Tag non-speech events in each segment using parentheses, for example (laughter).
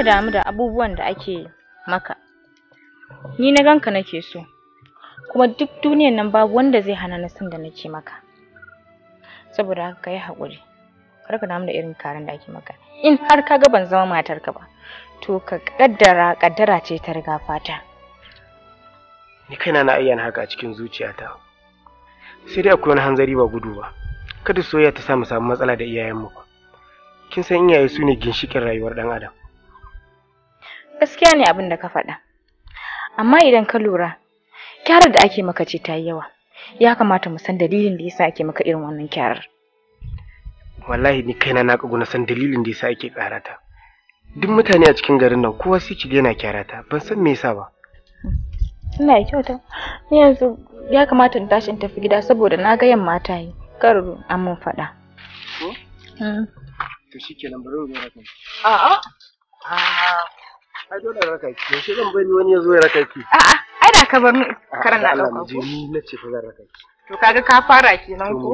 ka damu da abubuwan da ake maka ni na ganka nake so kuma duk duniyan nan babu wanda zai hana na san da nake maka saboda haka kai haƙuri kar ka damu da irin karan da ake maka in har ka ga ban zama matarka ba to ka kaddara kaddara ce ta riga fata ni kaina na ayyana haka a cikin zuciyata sai dai akwai wani hanzari ba gudu ba kada soyayya ta samu mu samu matsala da iyayenmu ba kin san iyaye su ne ginshikin rayuwar ɗan adam gaskiya ne abin da ka faɗa amma idan ka lura kyarar da ake maka ce ta yi yawa ya kamata mu san dalilin da yasa ake maka irin wannan kyarar wallahi ni kaina na kagu na san dalilin da yasa ake karata duk mutane a cikin garin nan kowa sai ki yana kyarata ban san me yasa ba ina da kyauta ni yanzu ya kamata in tashi in tafi gida saboda na ga yamma ta yi kar an mun faɗa mm. to shikenan bari mu zo a'a ah. Ai dole raka ki. zan bari wani yazo ya raka ki? a ai da ka bar ni karan na dauka. ko. ni na ce zan raka ki. To kaga ka fara kenan ko?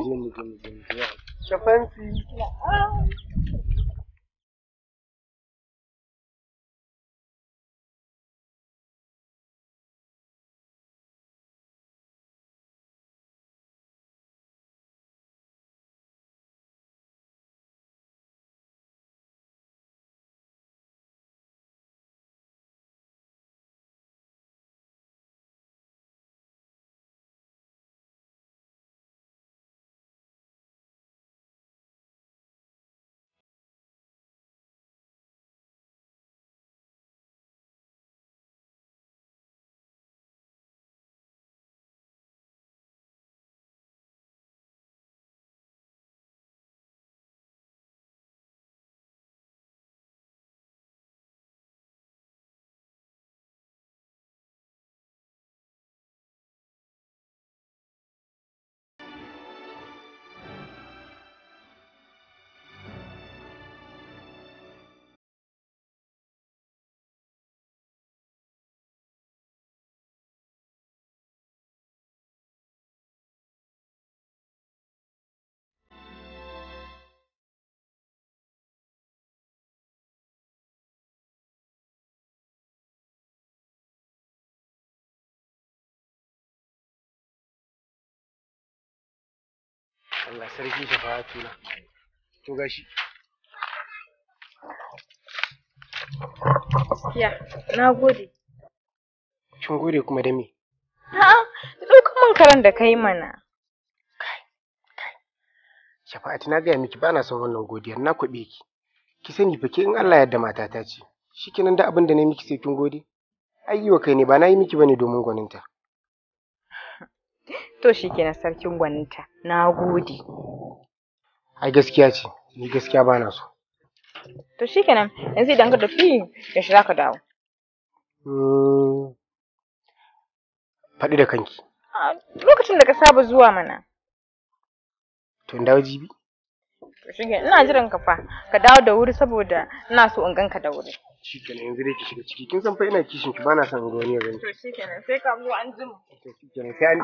Allah sarki shafa'atu na to gashi ya na gode kin gode kuma da me a'a ɗaukan man karan da kai mana shafa'atu na gaya miki ba na son wannan godiyar na kuɓe ki ki sani fa ke in Allah yarda matata ce shikenan da abin da na miki sai kin gode Ayyuka kai ne ba na yi miki bane domin gwaninta to shi kenan sarkin gwaninta na gode ai gaskiya ce ni gaskiya ba na so to shi kenan yanzu idan ka tafi ya shi ka dawo hmm, faɗi da kanki lokacin da ka saba zuwa mana to dawo jibi to shi ina jiran ka fa ka dawo da wuri saboda ina so in ganka da wuri shi kenan ki shiga ciki kin san fa ina kishin ki bana son ruwan yau to shi sai ka zo an jima to shi kenan kai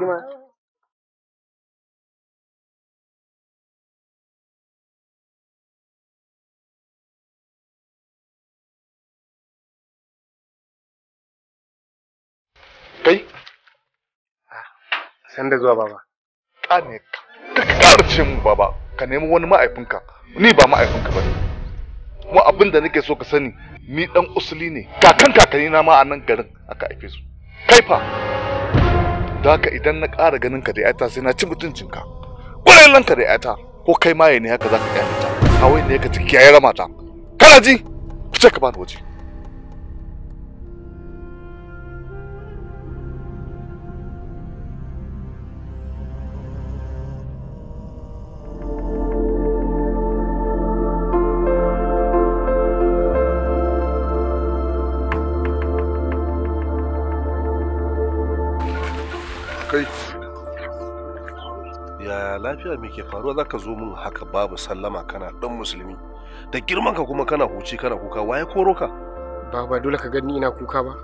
ah, san da zuwa baba ka ne ka baba ka nemi wani ma'aifinka ni ba ma'aifinka ba ne kuma abin da nake so ka sani ni dan usuli ne kakan kakanni na ma a nan garin aka haife su kai fa da ka idan na ƙara ganin ka da yata sai na ci mutuncin mutuncinka nan ka da yata ko kai ma ne haka za ka ƙyale kawai ne ka ci kiyaye ramata kana ji ku ce ka bani waje lafiya me ke faruwa zaka zo min haka babu sallama kana dan musulmi da girman ka kuma kana huci kana kuka waye koro ka ba ba dole ka gani ina kuka ba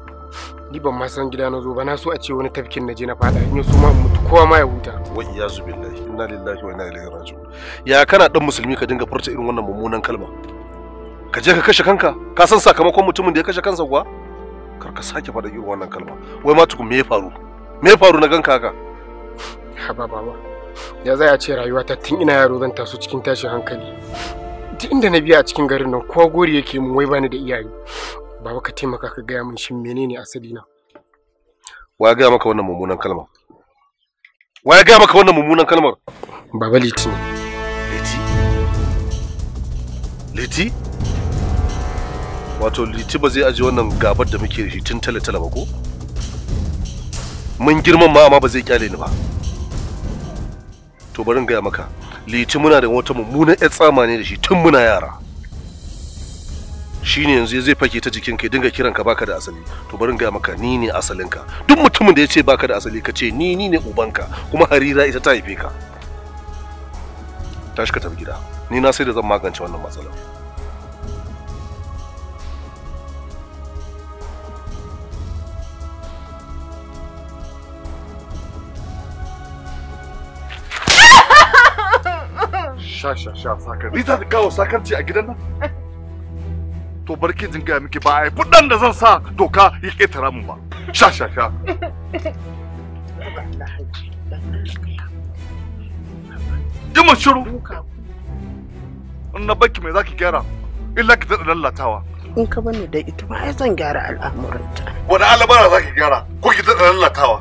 ni ban ma san gida na zo ba na so a ce wani tafkin na je na fada in so ma mutu kowa ma ya huta wa iyazu billahi inna lillahi wa inna ilaihi raji'un ya kana dan musulmi ka dinga furta irin wannan mummunan kalma ka je ka kashe kanka ka san sakamakon mutumin da ya kashe kansa kuwa kar ka sake faɗa irin wannan kalma wai ma tukun me ya faru me ya faru na ganka haka haba baba ya za a ce rayuwata tun ina yaro zan taso cikin tashin hankali duk inda na biya a cikin garin nan kowa gori yake mun wai bani da iyaye baba ka taimaka ka gaya min shin menene asali na wa ga maka wannan mummunan kalmar wa ya gaya maka wannan mummunan kalmar baba liti ne liti liti wato liti ba zai aje wannan gabar da muke da shi tun tale-tale ba ko mun girman ma amma ba zai kyale ni ba to bari gaya maka liti muna da wata mummunan yar tsama ne da shi tun muna yara shine yanzu zai fake ta jikin kai dinga kiran ka baka da asali to bari gaya maka ni ne asalinka duk mutumin da ya ce baka da asali ka ce ni ni ne ubanka kuma harira ita ta haife ka tashi ka tafi gida ni na sai da zan magance wannan matsalar sha sha sha sakar ni za ta kawo sakar ce a gidan nan (laughs) to barkin jin gaya miki ba ai fudan da zan sa doka ya ketara mu ba sha sha sha jima shiru in na baki mai zaki gyara illa ki daɗa lallatawa in ka bani da ita ba ai zan gyara al'amuranta wani za ki gyara ko ki daɗa lallatawa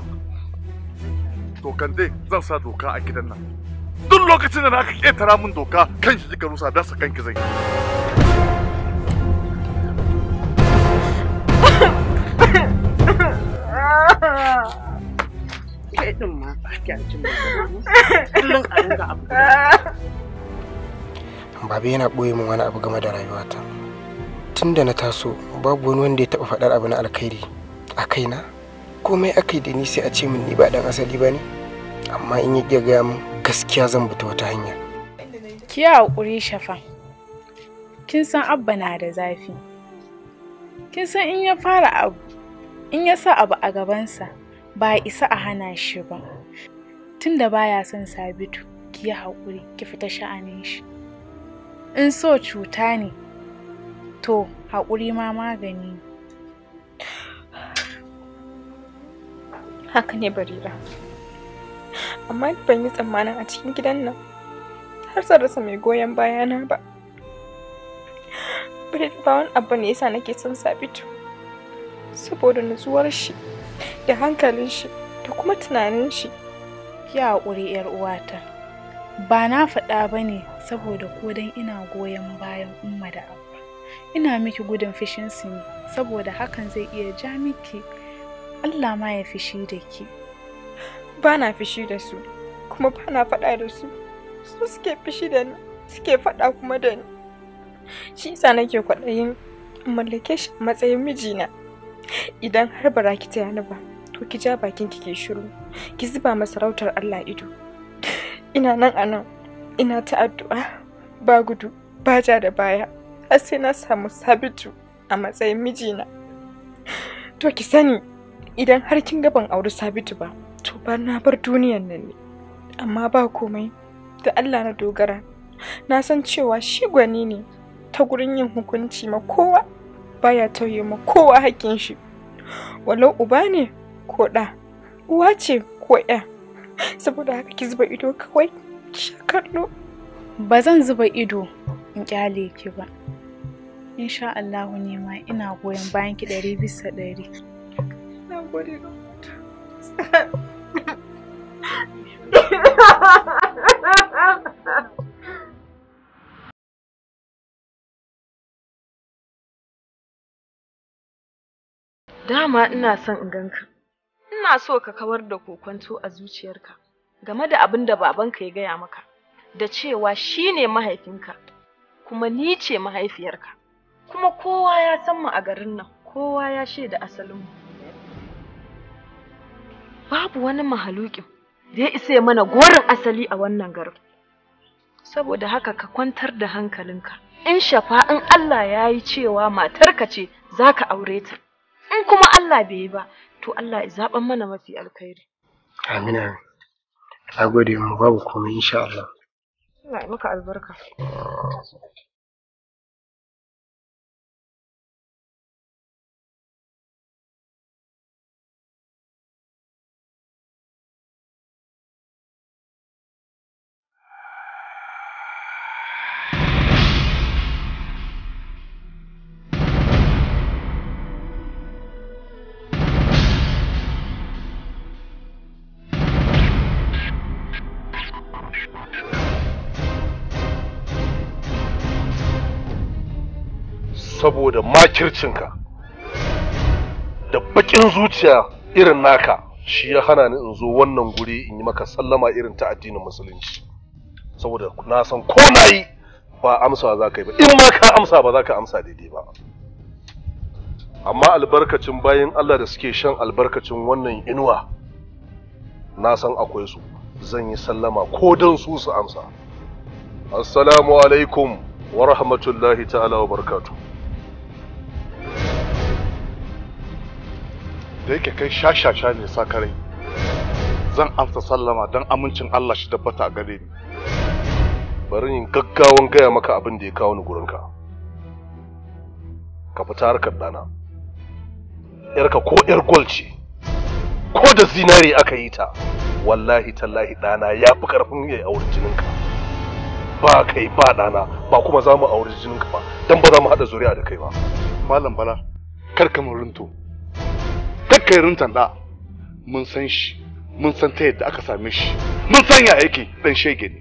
to kan zan sa doka a gidan nan duk lokacin da naka ƙetara min doka kan shi kika rusa dasa kanki ki zai. kullun yana ɓoye min wani abu game da rayuwata tun da na taso babu wani wanda ya taɓa faɗar abu na alkhairi a kaina komai aka da ni sai a ce min ni ba ɗan asali ba ne amma in yi gaya min gaskiya zan bi ta wata hanya ki haƙuri shafa kin san abba na da zafi kin san in ya fara abu in ya sa abu a gabansa ba isa a hana shi ba tunda baya son sabitu ki yi haƙuri ki fita sha'anin shi in so cuta ne to haƙuri ma magani ne haka ne barira amma ban yi tsammanin a cikin gidan nan har zan rasa mai goyon bayana ba Birit ba wani abu ne yasa nake son Sabitu saboda nutsuwar shi da hankalin shi da kuma tunanin shi ya haƙuri yar uwata ba na faɗa ba ne saboda ko dan ina goyon bayan umma da abu ina miki gudun fishin su ne saboda hakan zai iya ja miki Allah ma ya fishi da ke. ba na fishi da su kuma ba na faɗa da su su suke fishi da ni suke faɗa kuma da ni shi yasa nake kwaɗayin mallake shi a matsayin mijina idan har ba ki taya ni ba to ki ja bakin ki ke shiru ki zuba masarautar Allah ido ina nan anan, ina ta addu'a ba gudu ba ja da baya har sai na samu sabitu a matsayin mijina to ki sani idan har kin gaban auri sabitu ba to na bar duniyan nan ne amma ba komai da Allah na dogara na san cewa shi gwani ne ta gurin yin hukunci ma kowa baya tauye ma kowa hakkin shi walau uba ne ko ɗa uwa ce ko ya saboda haka ki zuba ido kawai shakallo ba zan zuba ido in kyale ki ba insha Allah ne ma ina goyon bayan ki ɗari bisa ɗari na gode Dama ina son in ganka. Ina so ka kawar da kokonto a zuciyarka game da abin da babanka ya gaya maka, da cewa shi ne mahaifinka, kuma ni ce mahaifiyarka, kuma kowa ya san mu a garin nan, kowa ya shaida asalinmu. babu wani mahalukin da ya isa mana gorin asali a wannan garin saboda haka ka kwantar da hankalinka in shafa in Allah ya yi cewa matarka ce za ka aure ta in kuma Allah bai yi ba to Allah ya zaɓan mana mafi alkhairi amina a gode mu babu komai insha Allah Allah maka albarka saboda makircinka da bakin zuciya irin naka shi ya hana ni in zo wannan guri in yi maka sallama irin ta addinin musulunci saboda na san ko na yi ba amsa za ka yi ba in ma ka amsa ba za ka amsa daidai ba amma albarkacin bayan Allah da suke shan albarkacin wannan inuwa na san akwai su zan yi sallama ko dan su su amsa assalamu alaikum wa rahmatullahi ta'ala wa barkatu da yake kai shashasha ne sakarai zan amsa sallama don amincin Allah shi tabbata a gare ni bari yin gaggawan gaya maka abin da ya kawo ni gurinka ka fita harkar ɗana yarka ko yar gol ce ko da zinari aka yi ta wallahi tallahi ɗana ya fi ƙarfin ya auri jininka ba kai ba ɗana ba kuma za mu auri jininka ba don ba za mu haɗa zuri'a da kai ba malam bala kar ka mun runto kakkarin tanda mun san shi mun san ta yadda aka same shi mun san ya yake dan shege ne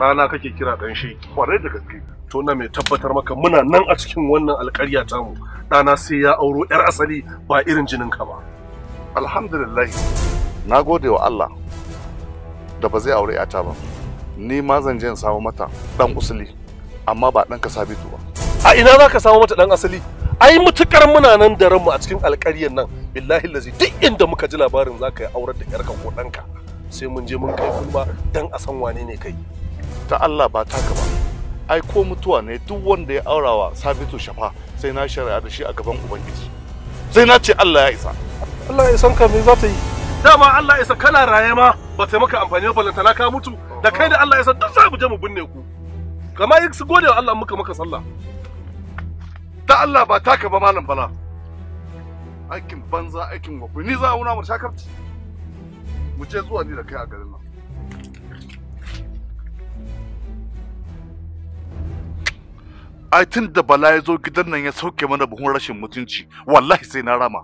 rana kake kira dan shege kwarai da gaske to na mai tabbatar maka muna nan a cikin wannan alƙarya mu dana sai ya auro 'yar asali ba irin jinin ka ba alhamdulillah na gode wa Allah da ba zai aure 'yata ba ni ma zan je in samu mata dan usuli amma ba ɗan ka sabitu ba a ina za ka samu mata dan asali ai mutukar muna nan da ranmu a cikin alƙaryar nan billahi lazi duk inda muka ji labarin za ka yi aurar da yarka ko ɗanka sai mun je mun kai kulma dan a san wane ne kai ta Allah ba taka ba ai ko mutuwa ne duk wanda ya aurawa sabitu shafa sai na shari'a da shi a gaban ubangiji sai na ce Allah ya isa Allah ya san ka me za ta yi dama Allah ya isa kana raye ma ba ta maka amfani ba lantana ka mutu da kai da Allah ya isa duk za mu je mu binne ku kamar su gode wa Allah muka maka sallah da Allah ba taka ba malam bala aikin banza aikin wafi ni za a wuna mara shakarci mu je zuwa ni da kai a garin nan a tun da bala ya zo gidan nan ya sauke mana buhun rashin mutunci wallahi sai na rama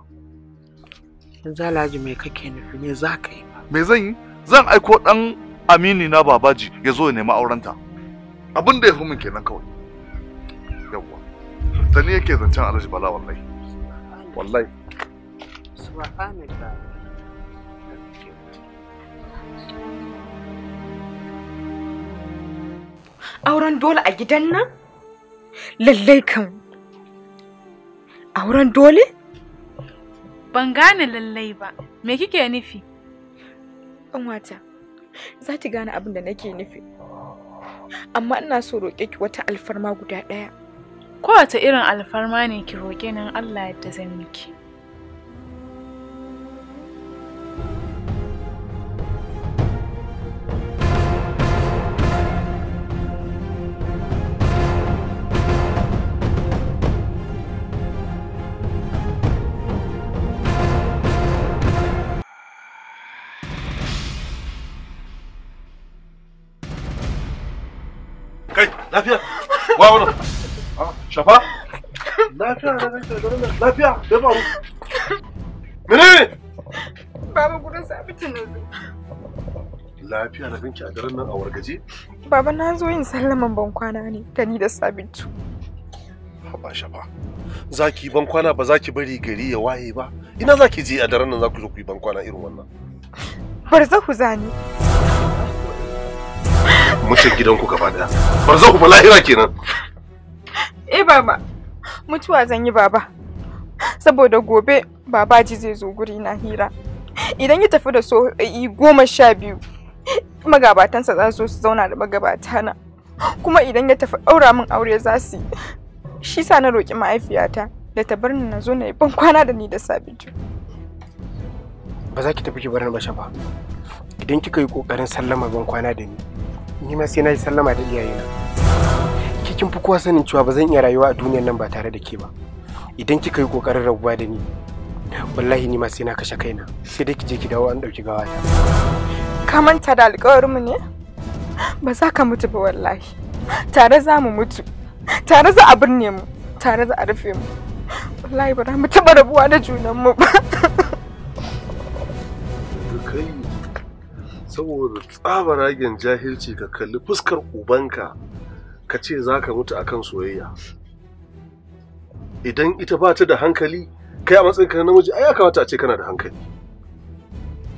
yanzu alhaji me kake nufi ne za ka yi me zan yi zan aiko dan amini na babaji ya zo ya nemi aurenta abin da ya fi min kenan kawai ta ne yake zancen alhaji bala wallahi wallahi auren dole a gidan nan lallai kan auren dole ban gane lallai ba me kike nufi wata za ta gane abin da nake nufi amma ina so roƙe ki wata alfarma guda ɗaya kowace irin alfarma ne ki roƙe nan Allah yadda zan miki. Kai, lafiya? Wa wannan? Shafa? Lafiya na gaisa da nan lafiya da faru. Mene ne? Baba gurin sabiti na Lafiya na ganki a daren nan a wargaje? Baba na zo yin sallaman bankwana ne da ni da sabitu. Haba shafa. Za ki bankwana ba za ki bari gari ya waye ba. Ina za ki je a daren nan za ku zo ku yi bankwana irin wannan. Bar Barzahu zani. Mutum gidanku gaba daya. Barzahu ba lahira kenan. Eh baba, mutuwa zan yi baba. Saboda gobe babaji zai zo guri na hira. Idan ya tafi da so goma sha biyu, magabatansa za su zauna da magabatana. Kuma idan ya tafi ɗaura min aure za su yi. Shi sa na roƙi mahaifiyata da ta bar ni na zo na yi bankwana kwana da ni da Sabitu. Ba za ki tafi ki bar ni ba ba. Idan kika yi ƙoƙarin sallama ban kwana da ni, ni ma sai na yi sallama da iyayena. ke fi kowa sanin cewa ba zan iya rayuwa a duniyar nan ba tare da ke ba idan kika yi kokarin rabuwa da ni wallahi ni ma sai na kashe kaina sai dai ki je ki dawo an dauki gawa ta ka manta da alƙawarinmu ne ba za ka mutu ba wallahi tare za mu mutu tare za a birne mu tare za a rufe mu wallahi ba za mu taɓa rabuwa da junanmu ba kai saboda ragin jahilci ka kalli fuskar ubanka ka ce za ka mutu akan soyayya idan ita ba ta da hankali kai a matsayin ka namiji ai ya kamata a ce kana da hankali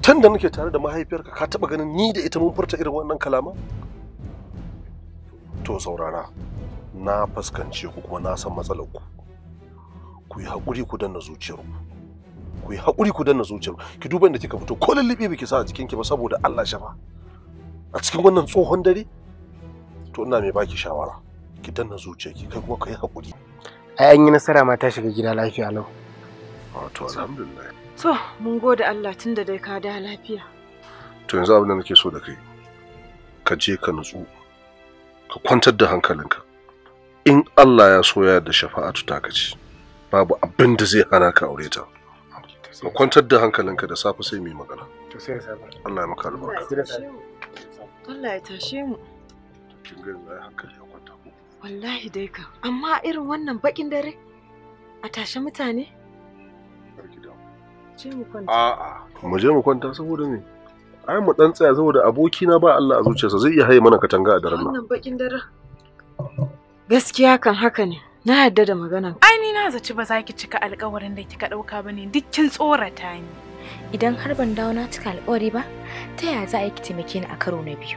tun da nake tare da mahaifiyarka ka taba ganin ni da ita mun furta irin wannan kalama to saurara na fuskance ku kuma na san matsalar ku ku yi haƙuri ku danna zuciyar ku ku yi haƙuri ku danna zuciyar ki duba inda kika fito ko lallabe biki sa a ki ba saboda Allah shafa a cikin wannan tsohon dare to ina mai baki shawara ki danna zuciyarki kai kuma kai hakuri ai an yi nasara ma ta shiga gida lafiya lau to alhamdulillah to mun gode Allah tunda dai ka da lafiya to yanzu abin da nake so da kai ka je ka nutsu ka kwantar da hankalinka in Allah ya so ya da shafa'atu ta kace babu abin da zai hana ka aure ta ka kwantar da hankalinka da safe sai mu yi magana to sai Allah ya maka albarka Allah ya tashe mu kin ga yanzu ya kwanta ko wallahi dai ka amma irin wannan bakin dare a tashe mutane A'a, mu je mu kwanta saboda me? Ai mu dan tsaya saboda abokina ba Allah a zuciyarsa zai iya haye mana katanga a daren nan. Wannan bakin daren. Gaskiya kan haka ne. Na yadda da magana. Ai ni na zaci ba za ki cika alƙawarin da kika ɗauka ba ne, duk kin tsorata ni. Idan har ban dawo na cika alƙawari ba, ta yaya za a yi ki taimake ni a karo na biyu?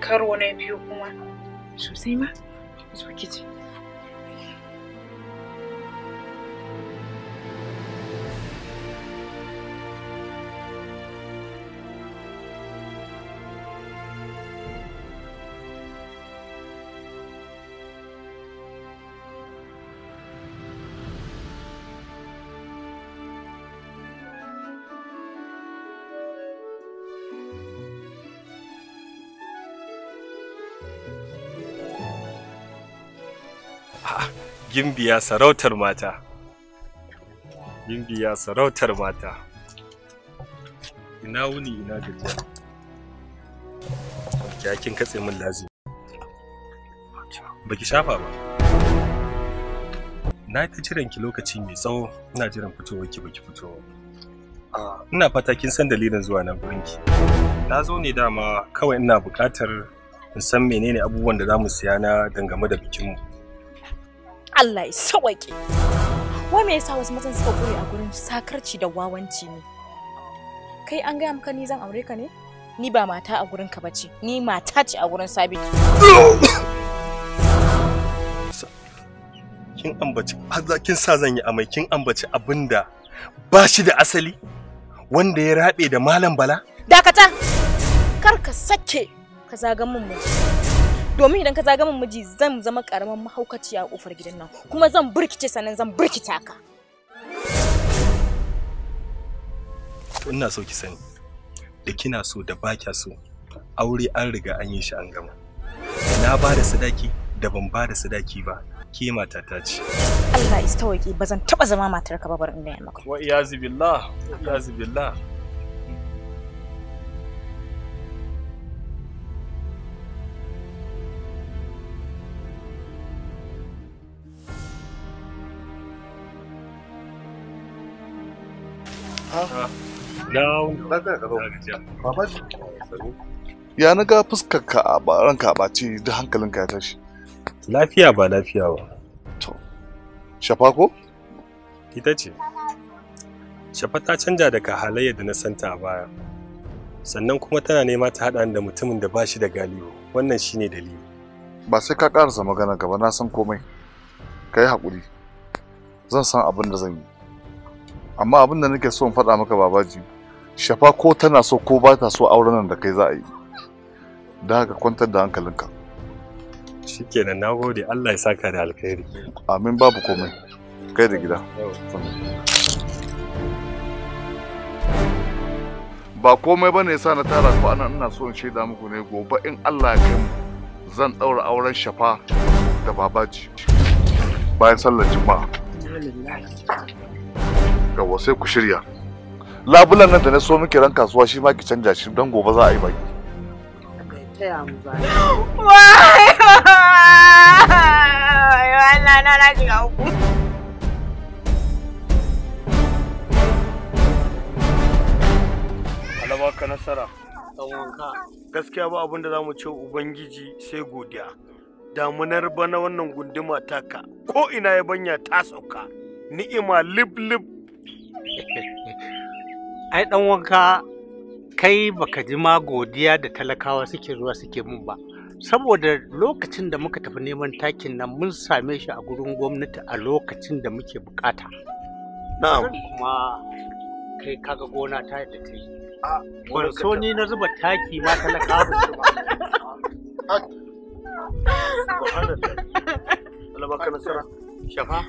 karo na biyu kuma sosai ma zo kici. gimbiya sarautar mata gimbiya sarautar mata ina wuni ina gajiya ya kin katse min lazi baki shafa ba na ta jiran ki lokaci mai tsawo ina jiran fitowar ki baki fito ina fata kin san dalilin zuwa na gurin ki na zo ne dama kawai ina buƙatar in san menene abubuwan da za mu siya na dangane da bikinmu Allah ya sawaƙe wai me yasa wasu matan suka ƙure a gurin sakarci da wawanci ne kai an gaya maka ni zan aure ka ne ni ba mata a gurin ka bace ni mata ce a gurin sabit (coughs) kin ambaci kin sa zan yi amai kin ambaci abinda ba shi da asali wanda ya rabe da malam bala dakata kar ka sake ka zagan mun mutum domin idan ka zaga min miji zan zama karaman mahaukaci a kofar gidan nan kuma zan burkice sannan zan burkita ka ina so ki sani da kina so da ba kya so aure an riga an yi shi an gama na ba da sadaki da ban ba da sadaki ba ke ta ce Allah istawaki ba zan taba zama matarka ba bar in ya maka wa iyazi billah iyazi billah Ya na ga fuskar ka a baran ka a ce da hankalin ka ya tashi. Lafiya ba lafiya ba. To, shafa ko? Ita ce. Shafa ta canja daga halayyar da na santa a baya. Sannan kuma tana nema ta haɗa da mutumin da ba shi da galiyo. Wannan shine dalili. Ba sai ka ƙarasa magana gaba na san komai. Ka yi haƙuri. Zan san abin da zan yi. amma abin da nake so in faɗa maka babaji shafa ko tana so ko ba ta so auren nan da kai za a yi da haka kwantar da hankalinka shikenan nagode Allah ya saka da alkhairi amin babu komai kai da gida ba komai bane yasa na tara ku anan ina so in shaida muku ne gobe in Allah ya kai mu zan daura auren shafa da babaji bayan sallar juma'a yawa sai ku shirya labulan nan da na so muke ran kasuwa shi ma ki canja shi don gobe za a yi baki taya na nasara dan gaskiya ba abin da za mu ce ubangiji sai godiya damunar bana wannan gunduma taka ko ina ya banya ta sauka ni'ima liblib. (laughs) ai dan wanka kai baka ji ma godiya da talakawa suke zuwa suke mun ba saboda lokacin da muka tafi neman takin nan mun same shi a gurin gwamnati a lokacin da muke bukata na'am kuma kai kaga gona ta da ta yi ban so ni na zuba taki ma talakawa ba (laughs) Allah baka nasara shafa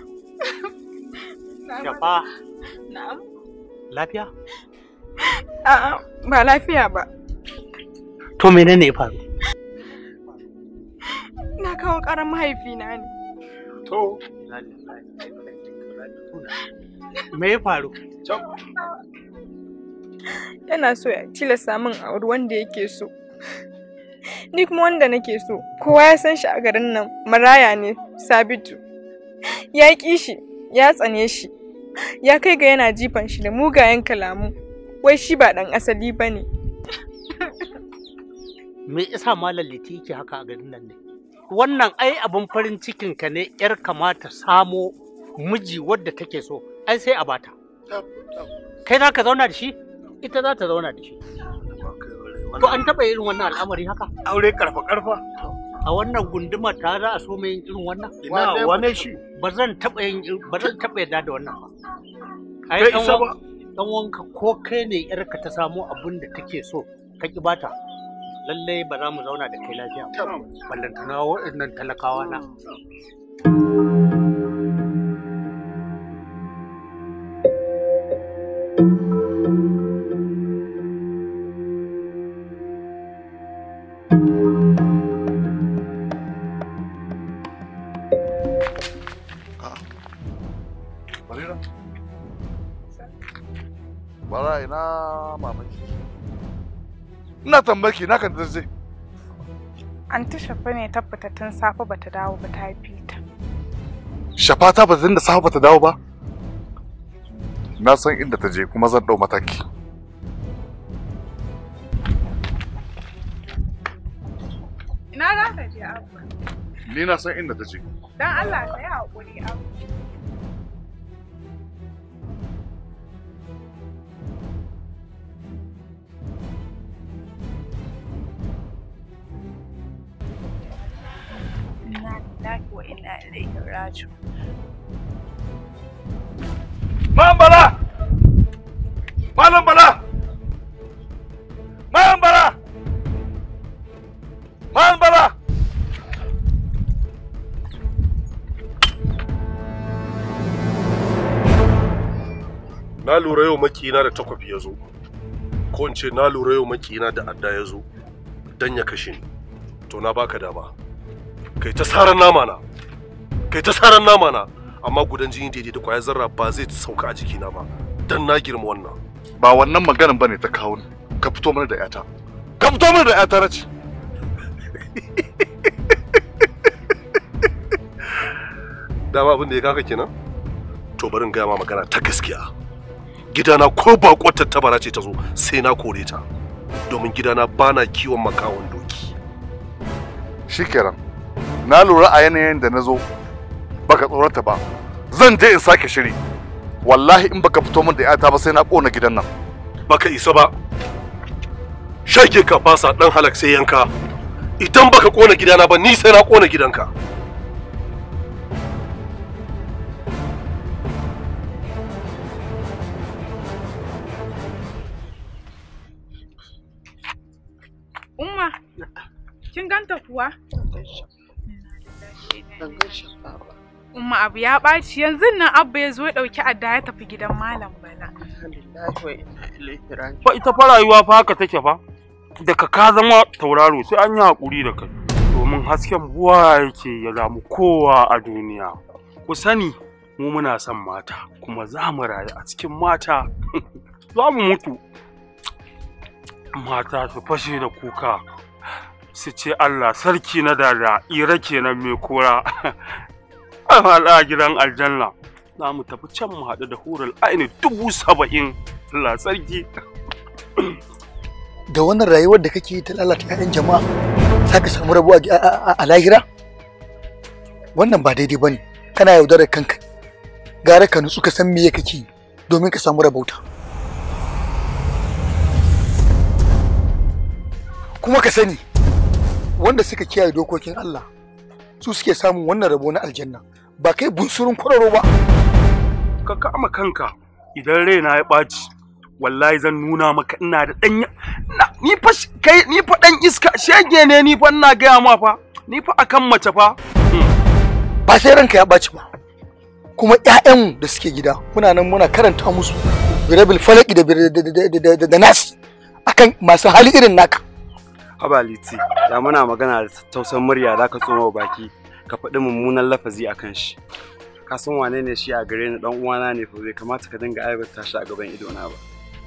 Shafa. Na'am. Lafiya? A'a, ba lafiya ba. To menene ya faru? Na kawo ƙaran mahaifina ne. To, me ya faru? Yana so ya tilasta min auri wanda yake so. Ni kuma wanda nake so, kowa ya san shi a garin nan maraya ne, Sabitu. Ya ƙi shi, ya tsane shi, (laughs) ya kai ga yana jifan shi da mugayen kalamu wai shi ba dan asali ba ne (laughs) me yasa malam liti yake haka a garin nan ne wannan ai abin farin cikin ka ne yar kamata samo miji wadda take so ai sai a bata kai za ka zauna da shi ita za ta zauna da shi to an taɓa irin wannan al'amari haka aure karfa karfa a wannan gunduma ta za a so mai irin wannan ina wane shi ba zan taba yin ba zan taba yadda da wannan ba ai dan wanka ko kai ne yarka ta samu abin da take so ka ki bata lallai ba za mu zauna da kai lafiya ballantana waɗannan talakawa na ina ki na kan zai an ta shafa ne tabbata tun Safa bata dawo ba ta fi ta shafa ta ba tun da safa bata dawo ba na san inda ta je kuma zan dau mataki ina za ta je abu ni na san inda ta je dan Allah ka yi hakuri Abba. Siraju. Malam Bala! Malam Bala! Malam Bala! Malam Bala! Na lura yau makina da takwafi ya zo, ko in ce na lura yau makina da adda ya zo don ya kashe ni, to na baka dama, kai ta sarar nama na. kai ta saran nama na amma gudan jini daidai da kwayar zarra ba zai sauka a jikina ba dan na girma wannan ba wannan maganar bane ta kawo ni ka fito mana da yata ka fito mana da yata na ce dama abin da ya kaka kenan to bari in gaya ma magana ta gaskiya gidana ko baƙo tattabara ce ta zo sai na kore ta domin gidana ba na kiwon makawan doki shikenan na lura a yanayin da na zo baka tsorata ba zan je in sake shiri wallahi in baka fito min da yata ba sai na kona gidan nan baka isa ba shake ka fasa dan halak sai yanka idan baka kona gidana ba ni sai na kona gidanka Umma, kin ganta kuwa? Ban gan ba. umma abu ya ɓaci yanzu nan abba ya zo ya ɗauki adda ya tafi gidan malam bala ba ita fa rayuwa fa haka take fa daga ka zama tauraro sai an yi haƙuri da kai domin hasken buwa yake ya zamu kowa a duniya ku sani mu muna son mata kuma za mu rayu a cikin mata (laughs) za mu mutu mata su fashe da kuka su ce Allah sarki na dada ira kenan mai kora (laughs) an gidan aljanna za mu tafi can mu haɗu da hurar aini dubu saba'in Allah da wannan rayuwar da kake ta lalata 'ya'yan jama'a za ka samu rabuwa a lahira wannan ba daidai bane kana yaudarar kanka gara ka nutsu ka san me kake domin ka samu rabauta kuma ka sani wanda suka kiyaye dokokin Allah su suke samun wannan rabo na aljanna ba kai bunsurin kwararo ba ka kama kanka idan raina ya ɓaci wallahi zan nuna maka ina da ɗanya. ni fa kai ni fa ɗan iska shege ne ni fa ina gaya ma fa ni fa akan mace fa ba sai ranka ya ɓaci ba kuma ƴaƴanmu da suke gida muna nan muna karanta musu birabil falaki da da nas akan masu hali irin naka haba habaliti da muna magana da tausan murya ka tsoma baki ka faɗi mummunan lafazi a kan shi ka san wane ne shi a gare ni dan uwana ne fa bai kamata ka dinga aibata shi a gaban ido na ba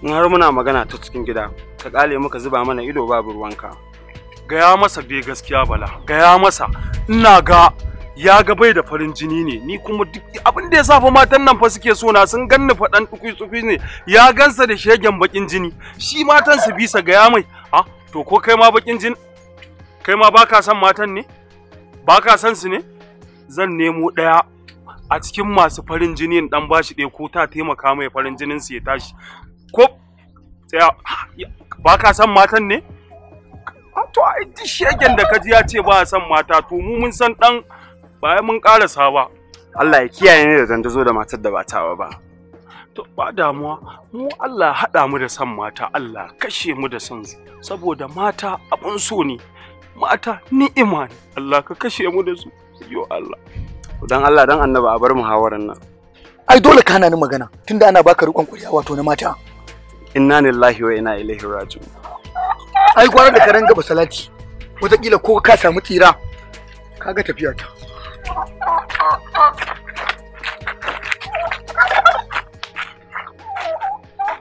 in har muna magana ta cikin gida ka kale muka zuba mana ido babu ruwanka gaya masa bai gaskiya bala gaya masa ina ga ya ga bai da farin jini ne ni kuma duk abin da ya safa matan nan fa suke so na sun ganni fa dan tukui tukui ne ya gansa da shegen bakin jini shi matan su bisa gaya mai a ah, to ko kai ma bakin jini kai ma baka son matan ne ba ka san su ne zan nemo ɗaya a cikin masu farin jini in dan bashi ɗaya ko ta taimaka mai farin jinin su ya tashi ko tsaya ba ka san matan ne to ai duk shegen da kaji ya ce ba san mata to mu mun san dan ba mun karasa ba Allah ya kiyaye ni da zo da matar da ba tawa ba to ba damuwa mu Allah haɗa mu da san mata Allah kashe mu da san saboda mata abun so ne mata ni imani Allah ka kashe mu da su yo Allah dan Allah dan annaba a bar hawaran nan ai dole ka hana ni magana tunda ana baka rikon kuriya wato na mata inna lillahi wa inna ilaihi raji'un ai gwara da karen gaba salati wataƙila ko ka samu tira kaga tafiya ta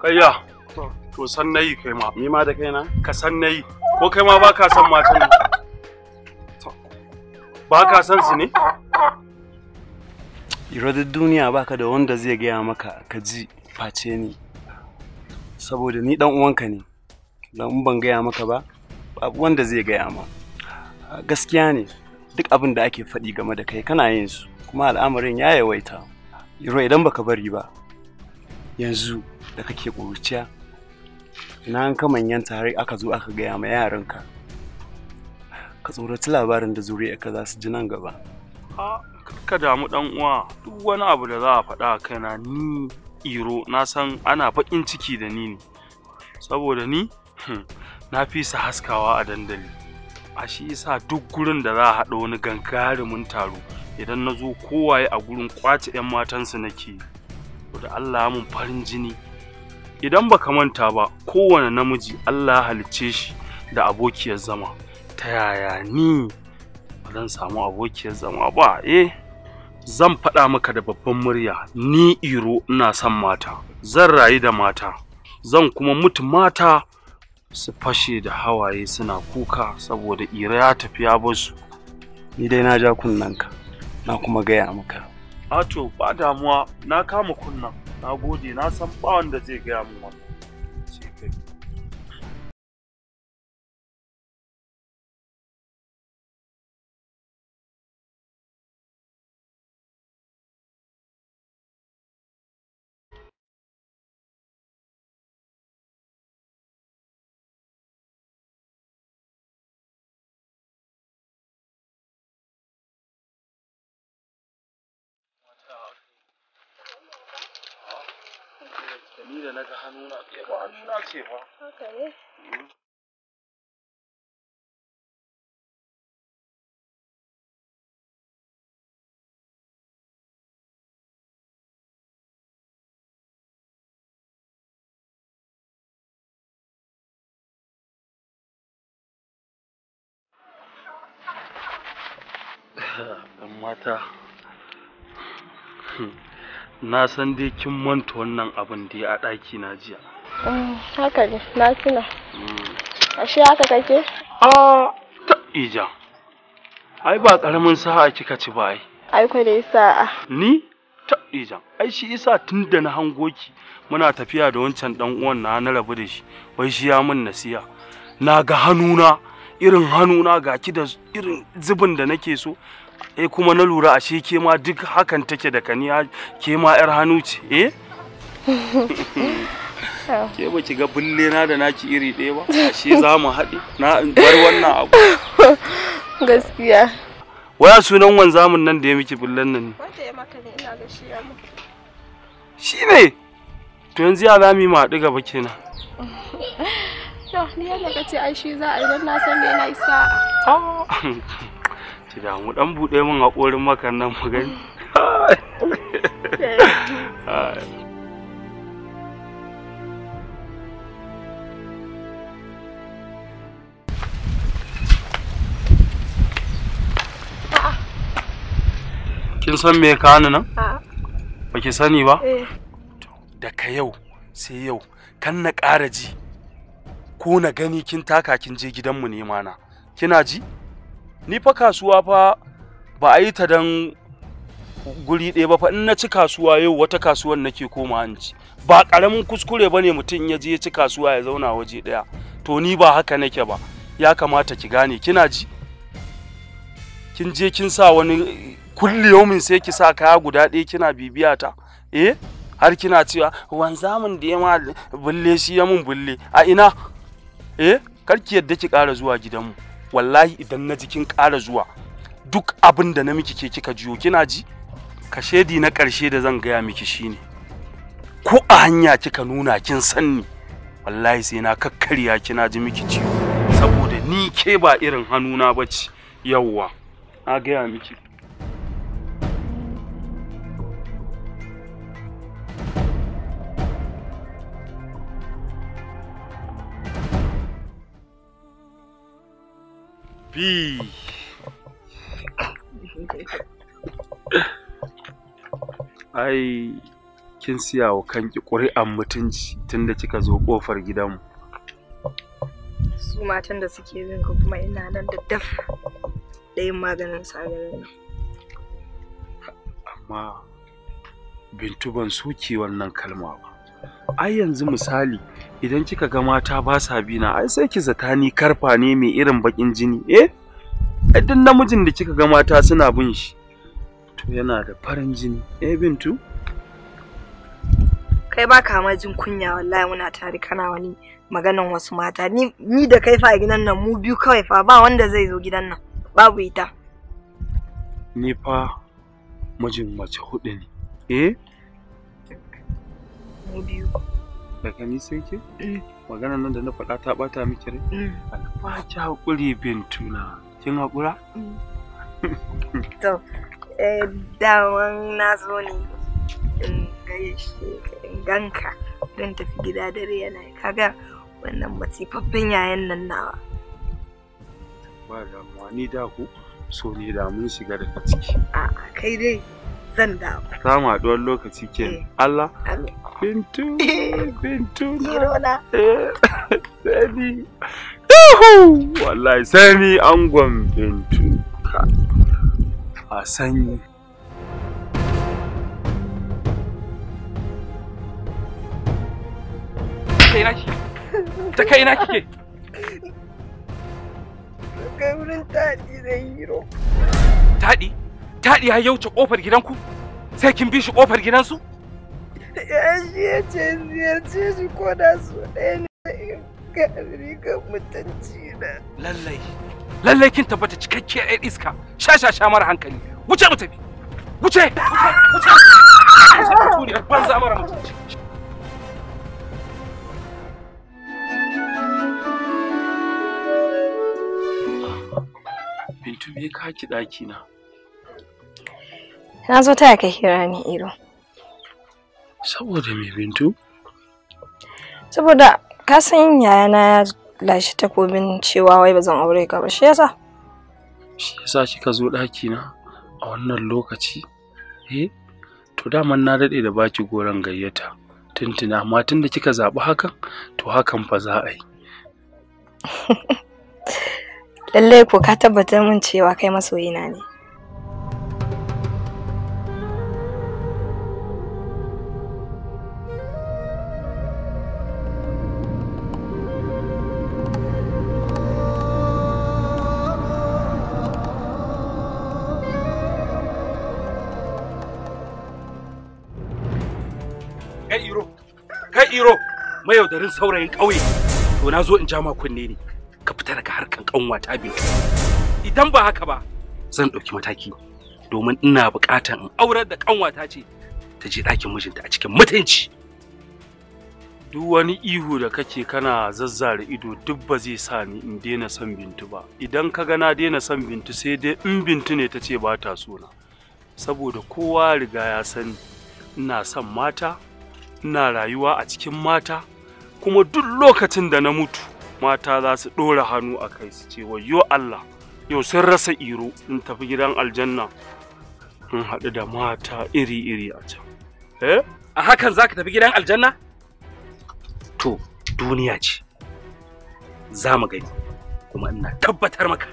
kayya to san nayi kai ma Mima ma da kaina ka san nayi ko kai ma baka son matan baka son su ne irodin duniya baka da wanda zai gaya maka ka ji face ni saboda ni dan uwanka ne dan ban gaya maka ba babu wanda zai gaya ma gaskiya ne duk abin da ake faɗi game da kai kana yin su kuma al'amarin ya yawaita iro idan baka bari ba yanzu da kake ƙuruciya na an ka manyanta har aka zo aka gaya ma yaranka ka tsoraci labarin da ka za su ji nan gaba ka damu dan uwa duk wani abu da za a faɗa a kaina ni iro na san ana baƙin ciki da ni ne saboda ni hmm, na fi su haskawa a dandali a shi isa duk gurin da za a haɗa wani gangarumin taro idan na zo kowaye a gurin kwace 'yan matansu nake da Allah mun farin jini idan baka manta ba kowane namiji Allah ya halicce shi da abokiyar zama ta yaya ni ba zan samu abokiyar zama ba eh zan faɗa maka da babban murya ni iro ina son mata zan rayu da mata zan kuma mutu mata su fashe da hawaye suna kuka saboda ira ya tafi ya basu ni dai na ja kunnanka na kuma gaya maka ato ba damuwa na kama kunnen, na gode na san ba da zai gaya min wannan 你的那个还没拿，别忘了拿去哈。好给。嗯。我 (laughs) 打。na san dai kin manta wannan abin da a ɗaki na jiya mm, haka ne na tuna mm. ashe haka kake a ta ija ai ba ƙaramin sa'a kika ci ba ai ai ku dai sa'a ni ta ija ai shi isa tun da na hango ki muna tafiya da wancan ɗan uwan na na rabu da shi wai shi ya min nasiya na ga hannuna irin hannuna ga ki da irin zubin da nake so eh kuma na lura ashe ke ma duk hakan take da kani ke ma yar hannu ce eh (laughs) ke ba ki ga bulle na da naki iri ɗaya ba ashe za mu haɗe na bar wannan abu (laughs) gaskiya waya sunan wanzamun nan da ya miki bullen nan ne wanda ya maka ne ina ga shi ya to yanzu ya zami ma haɗu ba kenan (laughs) to ni yadda ka ce ai shi za a yi don na san me na isa ci da mu dan bude min hakorin makan nan mu gani (laughs) kin san me ka nan? Ba ki sani ba? Eh. Daga yau sai yau kan na ƙara ji ko na gani kin taka kin je gidan mu ne mana. Kina ji? ni fa kasuwa fa ba a yi ta don guri ɗaya ba fa in na ci kasuwa yau wata kasuwar nake koma hanci, ba ƙaramin kuskure ba ne mutum ya je ya ci kasuwa ya zauna waje ɗaya to ni ba haka nake ba ya kamata ki gane kina ji kin je kin sa wani kulli yaumin sai ki sa kaya guda ɗaya kina bibiya ta eh har kina cewa wanzamin da ya ma bulle shi ya mun bulle a ina eh kar ki yadda ki ƙara zuwa gidanmu wallahi idan na ji kin ƙara zuwa duk abin da na miki ke kika jiyo kina ji kashedi na ƙarshe da zan gaya miki shine ko a hanya kika nuna kin sanni wallahi sai na kakkarya kina ji miki ciwo saboda ni ke ba irin hannuna bace yawwa na gaya miki Pi. ai kin siya wa kanki ƙuri'an mutunci tunda kika zo ƙofar gidanmu su matan da suke bin ka kuma ina nan da daf yin maganin sagarin nan amma bintu ban soke wannan kalma ba ai yanzu misali idan kika ga mata ba sa na ai sai ki zata ni karfa ne mai irin bakin jini eh duk namijin da kika ga mata suna bin shi to yana da farin jini eh bintu kai ba ka jin kunya wallahi muna tare kana wani maganan wasu mata ni ni da kai fa a gidan nan mu biyu kawai fa ba wanda zai zo gidan nan babu ita ni fa mijin mace hudu ne eh mu biyu daga ni ke eh. nan da na faɗa ta ɓata miki rai eh. ba ki haƙuri bintuna kin haƙura mm. (laughs) to eh daman na zo ne in gaishe in ganka don tafi gida dare yana kaga wannan masifaffin yayan nan nawa ba damuwa ni da ku so ne da mun shiga daga ciki a'a kai dai zan dawo. Samu haɗuwar lokaci ke. Eh. Allah. Bintu, eh. bintu na. Irona. Eh, sani. Yuhu! Wallahi sani angon bintu. A sanyi. Ta kai na kike? Kai wurin taɗi Taɗi? taɗi ya yauce ƙofar gidanku sai kin bi shi ƙofar gidansu? Ya shi ya ce ziyarce shi ko da su ɗaya ne ga rigar mutunci na. Lallai, lallai kin tabbata cikakkiyar iska sha sha sha mara hankali wuce mu tafi wuce wuce wuce banza mara mutunci. Bintu me ka ki ɗaki na? Na zo taya ka hira ni, Iro. Saboda me Bintu? Saboda ka san yayana ya lashi takobin cewa wai ba zan aure ka ba shi yasa. Shi yasa kika zo ɗaki na a wannan lokaci? Eh, to daman na daɗe da baki goron gayyata. Tuntuna amma tunda kika zaɓi hakan to hakan fa za a yi. (laughs) Lallai ko ka tabbatar min cewa kai masoyina ne. mai mayaudarin saurayin ƙauye to na zo in ja kunne ne ka fita daga harkan ƙanwa ta bintu idan ba haka ba zan ɗauki mataki domin ina buƙatar in aurar da ƙanwata ce ta je ɗakin mijinta a cikin mutunci duk wani ihu da kake kana zazzare ido duk ba zai sa ni in daina son bintu ba idan ka ga na daina son bintu sai dai in bintu ne ta ce ba ta na saboda kowa riga ya sani ina son mata ina rayuwa a cikin mata kuma duk lokacin da na mutu mata za su ɗora hannu a kai su ce yo Allah yau sun rasa iro in tafi gidan aljanna in haɗu da mata iri-iri a can. Eh? A hakan za ka tafi gidan aljanna? To, duniya ce, za mu gani, kuma ina tabbatar maka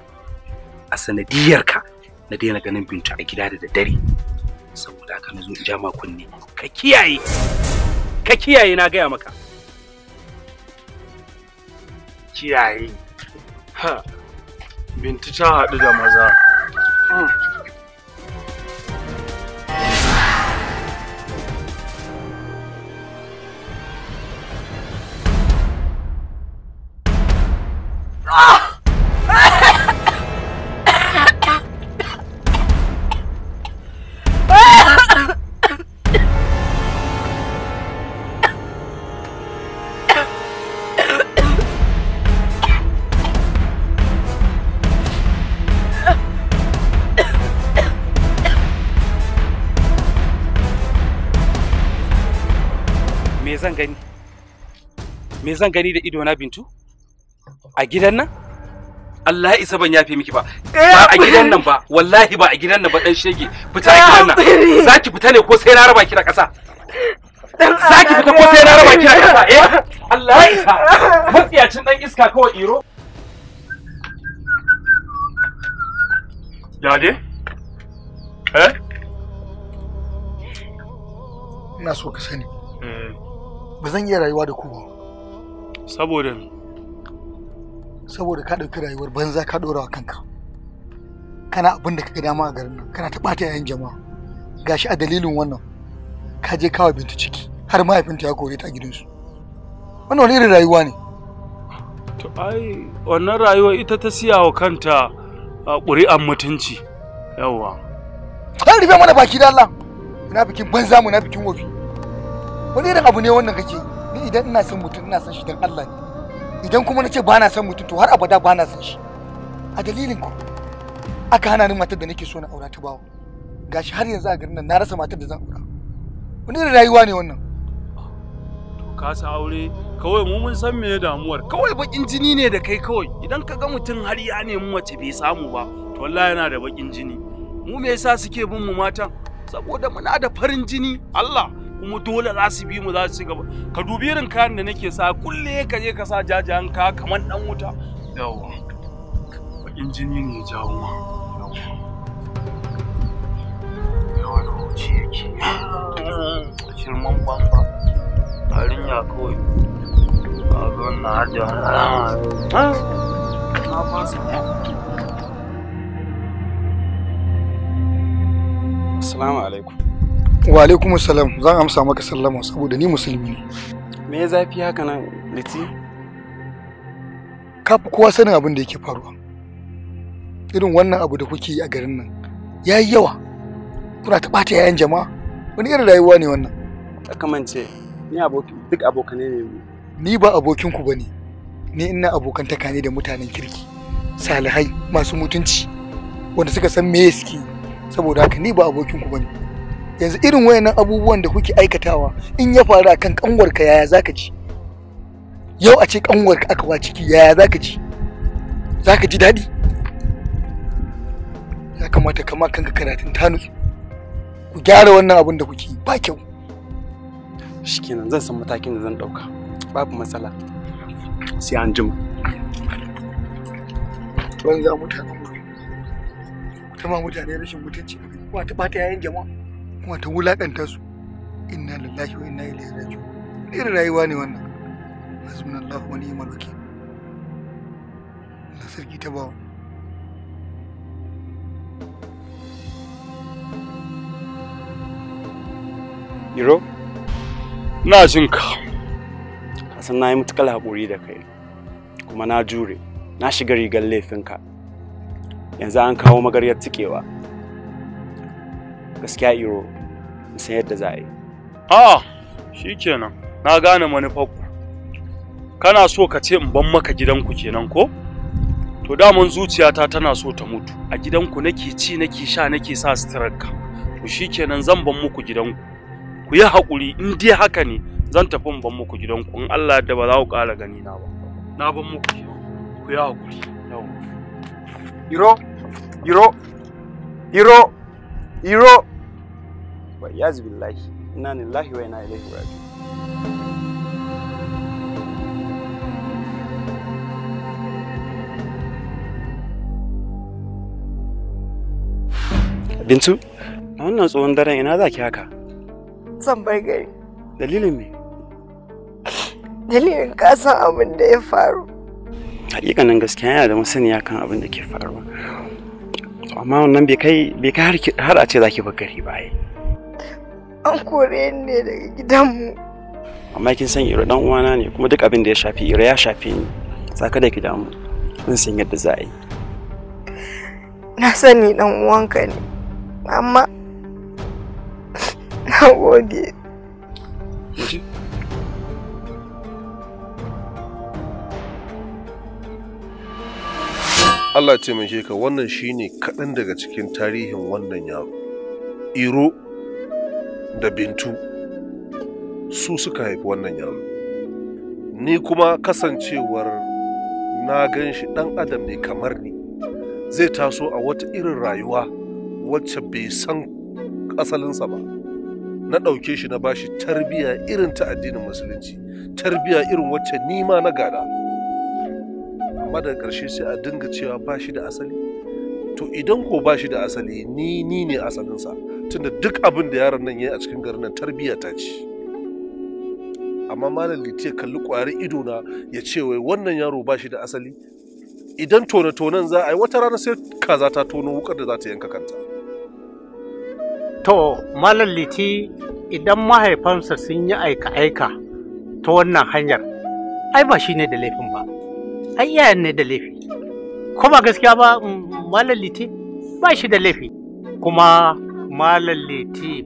a ka na daina ganin bintu a gida da daddare. Saboda haka na zo in ja makunni, ka kiyaye! ka kiyaye na gaya maka kiyaye ha bintu ta haɗu da maza Ah! me zan gani da idona bintu a gidan nan Allah isa ban yafe miki ba ba a gidan nan ba wallahi ba a gidan nan ba dan shege fita a gidan nan zaki fita ne ko sai na raba ki da kasa zaki fita ko sai na raba ki da ƙasa eh Allah isa matsiyacin dan iska kawai iro Dade? Eh? Ina so ka sani. Hmm. Ba zan iya rayuwa da ku ba. Saboda me? Saboda ka ɗauki rayuwar banza ka ɗora wa kanka. Kana abin da kaga dama a garin nan, kana ta ɓata yayin jama'a. Gashi a dalilin wannan, ka je kawo bintu ciki, har mahaifinta ya kore ta gidansu. Wannan wani irin rayuwa ne? To ai, wannan rayuwa ita ta siya wa kanta a ƙuri'an mutunci. yawa? An rufe mana baki da Allah. Ina bikin banza mu na bikin wofi. Wani irin abu ne wannan kake yi? ni idan ina son mutum ina son shi dan Allah ne idan kuma nace ba na son mutum to har abada ba na son shi a dalilin ku aka hana ni matar da nake so na aura ta bawo gashi har yanzu a garin nan na rasa matar da zan aura wani irin rayuwa ne wannan to ka sa aure kawai mu mun san meye damuwar kawai bakin jini ne da kai kawai idan ka ga mutum har ya nemi mace bai samu ba to wallahi yana da bakin jini mu me yasa suke bin mu matan saboda muna da farin jini Allah kuma dole za su bi mu za su ci gaba ka dubi irin kayan da nake sa kulle ka je ka sa jajayen ka kamar dan wuta yawa bakin jini ne ya jawo ma yawa da wuce yake shirman bamba harin ya kawai a zuwan na hajjar na fasa Assalamu alaikum. wa alaikum salam zan amsa maka sallama saboda ni musulmi ne me ya zafi haka nan liti ka fi kowa sanin abin da yake faruwa irin wannan abu da kuke yi a garin nan ya yi yawa kuna ta ɓata yayan jama'a wani irin rayuwa ne wannan kamance ni abokin duk abokane ne ni ba abokin ku bane ni ina abokantaka ne da mutanen kirki salihai masu mutunci wanda suka san me suke saboda haka ni ba abokin ku bane yanzu irin wayannan abubuwan da kuke aikatawa in ya faru a akan kanwarka yaya zaka ji yau a ce kanwarka aka wa ciki yaya zaka ji zaka ji daɗi ya kamata kama kanka karatun ta nutsu ku gyara wannan abin da kuke ba kyau shikenan zan san matakin da zan ɗauka babu matsala sai an jima za mutane kuma mutane rashin mutunci ba ta bata yayin jama'a kuma ta wulakanta su inna lillahi wa inna ilaihi raji'un irin rayuwa ne wannan hasbunallahu wa ni'mal wakil na sarki ta bawa Iro, na jin ka. Kasan na yi matuƙar haƙuri da kai, kuma na jure, na shiga rigar laifinka. Yanzu an kawo magaryar tikewa. gaskiya iro san yadda za a yi ah shikenan na gane manufarku kana so ka ce in ban maka gidanku kenan ko to daman zuciyata tana so ta mutu a gidanku nake ci nake sha nake sa suturarka to shikenan zan ban muku gidanku ku yi haƙuri in dai haka ne zan tafi in ban muku gidanku in Allah yadda ba za ku ƙara gani na ba na ban muku ku yi haƙuri iro iro iro iro wa iyazu billahi inna lillahi wa ina ilaihi raji'un Bintu, a wannan tsohon daren ina za ki haka? Zan bar gari. Dalilin me? Dalilin kasan abin da ya faru. Hakikanin gaskiya yana da masaniya kan abin da ke faruwa. Amma wannan bai kai har a ce za ki bar gari ba yi. an kore ne daga gidanmu amma kin san iro dan uwana ne kuma duk abin da ya shafi iro ya shafi ni saka da ki damu mun san yadda za a yi na sani dan uwanka ne amma na gode Allah taimake ka wannan shine kaɗan daga cikin tarihin wannan yaro. Iro da bintu su suka haifi wannan yaro ni kuma kasancewar na gan shi ɗan adam ne kamar ni zai taso a wata irin rayuwa wacce bai san asalinsa ba na ɗauke shi na bashi tarbiya irin ta addinin musulunci tarbiya irin wacce nima na gada amma daga ƙarshe sai a dinga cewa ba shi da asali to idan ko ba shi da asali ni ni ne asalinsa tunda duk abin da yaron nan ya yi a cikin garin nan tarbiyya ta ci amma malam liti ya kalli kwari ido na ya ce wai wannan yaro ba shi da asali idan tone tonen za a yi wata rana sai kaza ta tono wukar da za ta yanka kanta to malam liti idan mahaifansa sun yi aika aika ta wannan hanyar ai ba shi ne da laifin ba ai iyayen ne da laifi ko ba gaskiya ba mm, malam liti ba shi da laifi kuma malam liti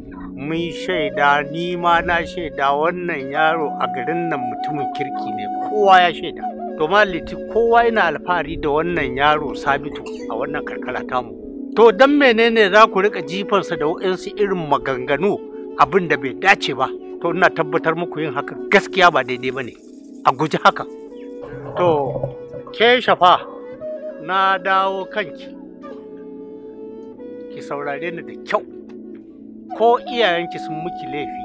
mun shaida ni ma na shaida wannan yaro a garin nan mutumin kirki ne kowa ya shaida to malam liti kowa yana alfahari da wannan yaro sabitu a wannan karkara tamu to dan menene za ku rika jifansa da wa'ansu irin maganganu abin da bai dace ba to ina tabbatar muku yin haka gaskiya ba daidai ba ne a guji haka to ke shafa na dawo kanki ki saurare ni da kyau ko iyayenki sun miki laifi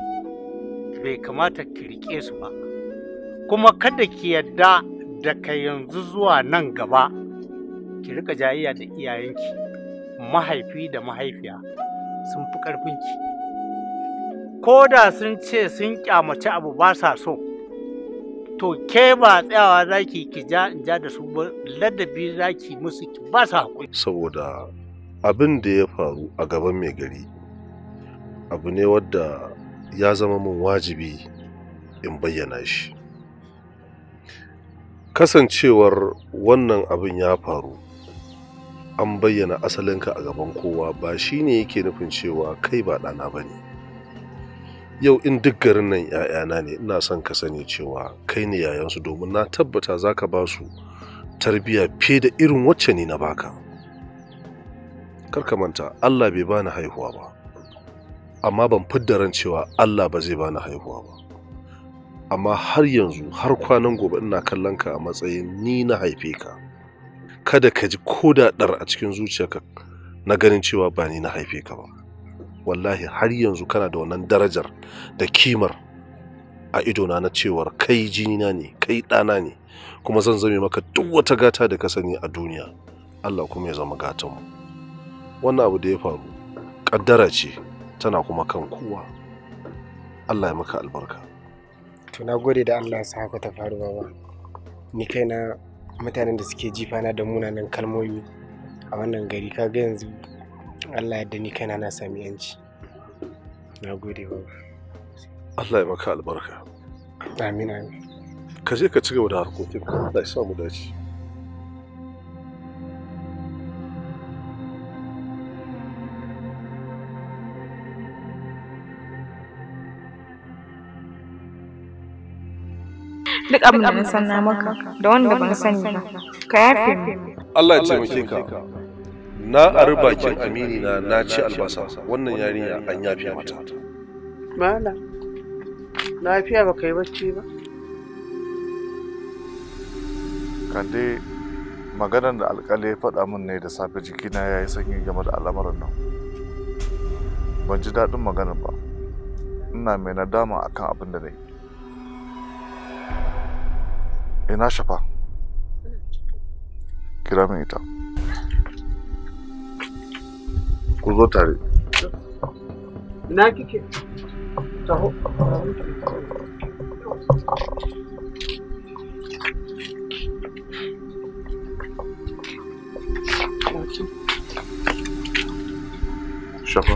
bai kamata ki riƙe su ba kuma kada ki yadda daga yanzu zuwa nan gaba ki rika jayayya da iyayenki mahaifi da mahaifiya sun fi ƙarfinki ko da sun ce sun kyamaci abu ba sa so to ke ba tsayawa zaki ki ja in ja da su ladabi zaki musu ki ba su hakuri saboda abin da ya faru a gaban mai gari abu ne wadda ya zama min wajibi in bayyana shi kasancewar wannan abin ya faru an bayyana asalinka a gaban kowa ba shine yake nufin cewa kai ba ɗana ba ne yau in duk garin nan ‘ya'yana ne ina son ka sani cewa kai ne yayansu domin na tabbata za ka ba su tarbiyya fiye da irin wacce ne na baka karka manta allah bai bani haihuwa ba amma ban fidda ran cewa allah ba zai bani haihuwa ba amma har yanzu har kwanan gobe ina kallon ka a matsayin ni na haife ka kada ka ji ko da a cikin zuciyarka na ganin cewa ba ni na haife ka ba wallahi har yanzu kana da wannan darajar da kimar a idona na cewar kai jinina ne kai ɗana ne kuma zan zame maka duk wata gata da ka sani a duniya allah kuma ya zama gatan mu wannan abu da ya faru ƙaddara ce tana kuma kan kowa allah ya maka albarka to na gode da allah sa haka ta faru baba ni kaina mutanen da suke jifana da munanan kalmomi a wannan gari ka ga yanzu Allah yadda ni kaina na sami yanci na gode wa. Allah ya maka albarka amin amin ka je ka ci gaba da harkokin Allah ya sa mu dace duk abin da na san na maka da wanda ban sani ba ka yafe mu Allah ya taimake ka na ari bakin amini na na ci albasa wannan yarinya an yafi mata mala lafiya ba kai bacci ba kande maganar da alkali ya faɗa min ne da safe jikina ya yi sanyi game da al'amarin nan ban ji daɗin maganar ba ina mai nadama akan abin da na yi ina shafa kira min ita ku zo tare ina kike taho Shafa.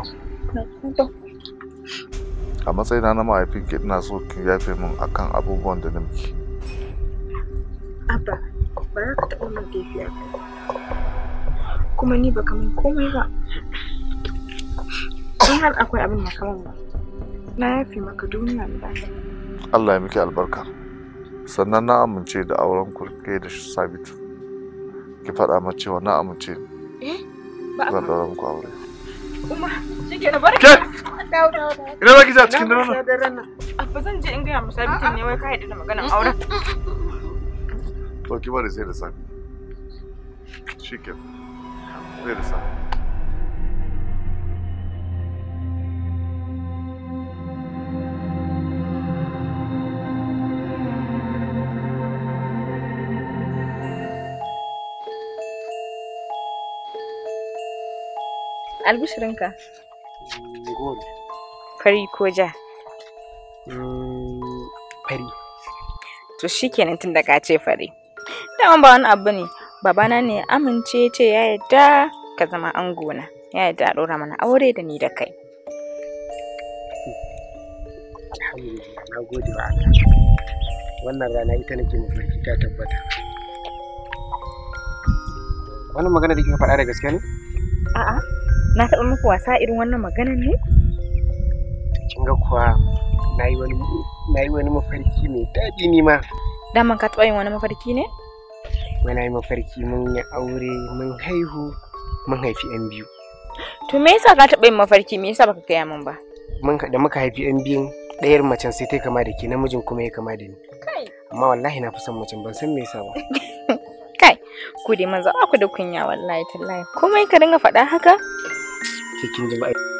A matsayina na mahaifin ki ina so ki yafe min akan abubuwan da nake. Abba, ba za ka taɓa min laifiya ba. Kuma ni ba kamar komai ba. in har akwai abin da kaman ba na yafi maka duniya da Allah ya miki albarka sannan na amince da auren kurke da sabitu ki faɗa ma cewa na amince eh ba a ba muku aure kuma shike na barka ina ah, ba ki za cikin daren na abba zan je in ga mu sabitin ne wai ka haɗu da maganar auren to ki bari sai da sabi shike sai da sabi albishirinka mm, fari ko ja mm, fari to shikenan tun da ka ce fari daman ba wani abu ne babana ne amince ce ya yadda ka zama an gona, ya yadda a ɗora mana aure da ni da kai na gode wa Allah wannan rana ita nake mafarki ta tabbata wannan magana da kika faɗa da gaske ne a'a na taɓa muku wasa irin wannan maganan ne kin ga kuwa na yi wani mafarki mai daɗi ne ma daman ka taɓa yin wani mafarki ne muna yi mafarki mun yi aure mun haihu mun haifi yan biyu to me yasa ka taɓa yin mafarki me yasa baka gaya min ba mun da muka haifi yan biyun ɗayar macen sai ta kama da ke namijin kuma ya kama da ni amma wallahi na fi son macen ban san me yasa ba (laughs) kai ku dai manzo ku da kunya wallahi tallahi komai ka dinga faɗa haka teaching the light.